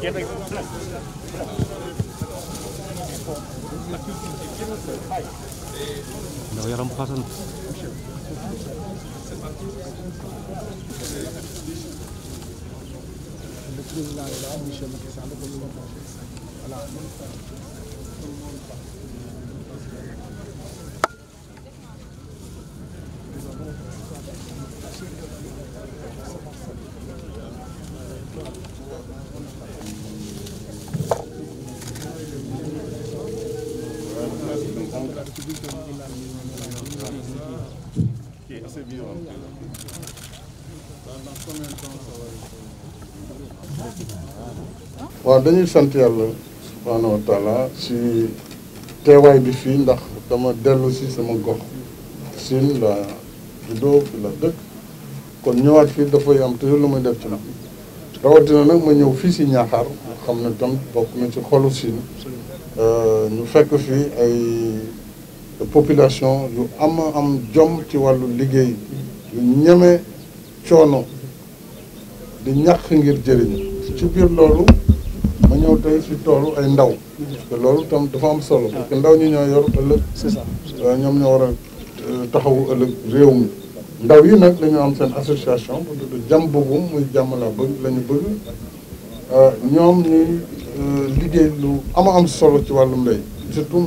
Get it. Não eram passando. بسم الله الرحمن الرحيم Okay, dañuy sant yàlla subhaanahu wa si teewaay bi fii ndax dama dellu si sama gox siin la juddoo fi la dëkk kon ñëwaat fii dafay am toujours lu ma def ci na rawatina nag ma ñëw fii si ñaaxaar xam ne tam bokk na ci xolu siin euh, ñu fekk fii ay population yu am am jom ci walu liggéey yu di ngir jëriñ ci biir loolu ma ñëw tay ci toolu ay ndaw te loolu tam dafa am solo parce que ndaw ñi ñoo yor ëllëg c'est ça euh, ñom ñoo war euh, taxawu ëllëg réew ndaw yi am association bu tudd jam muy jàmm la bëgg la euh, ñuy liggéey lu ama am solo ci surtout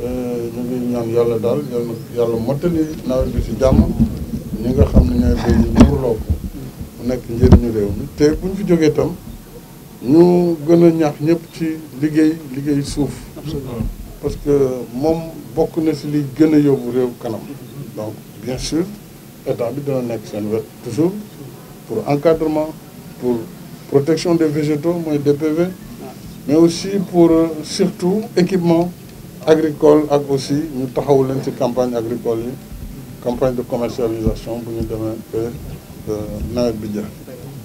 Euh, ñu ngi ñaan yàlla daal yàlla yàlla mottali nawet bi si jàmm ñi nga xam ne ñooy béy ñu muurloo ko mu nekk njëriñu réew mi te buñ fi jógee tam ñu gën a ñaax ñëpp ci liggéey liggéey suuf parce que moom bokk na si li gën a yóbbu réew kanam donc bien sûr état bi dina nekk seen wet toujours pour encadrement pour protection des végétaux mooy DPV mais aussi pour euh, surtout équipement agricole ak aussi ñu taxaw leen ci campagne agricole yi campagne de commercialisation bu ñu demee ba nawet bi jeex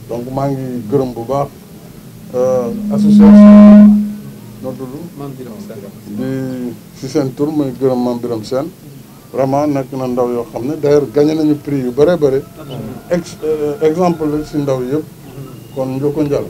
donc maa ngi gërëm bu baax euh, association noo tudd di ci seen tour mooy gërëm Mame Birame vraiment nekk na ndaw yoo xam ne d'ailleurs gagné nañu prix yu bëree bëri ex euh, exemple la ci ndaw yëpp kon njoko njal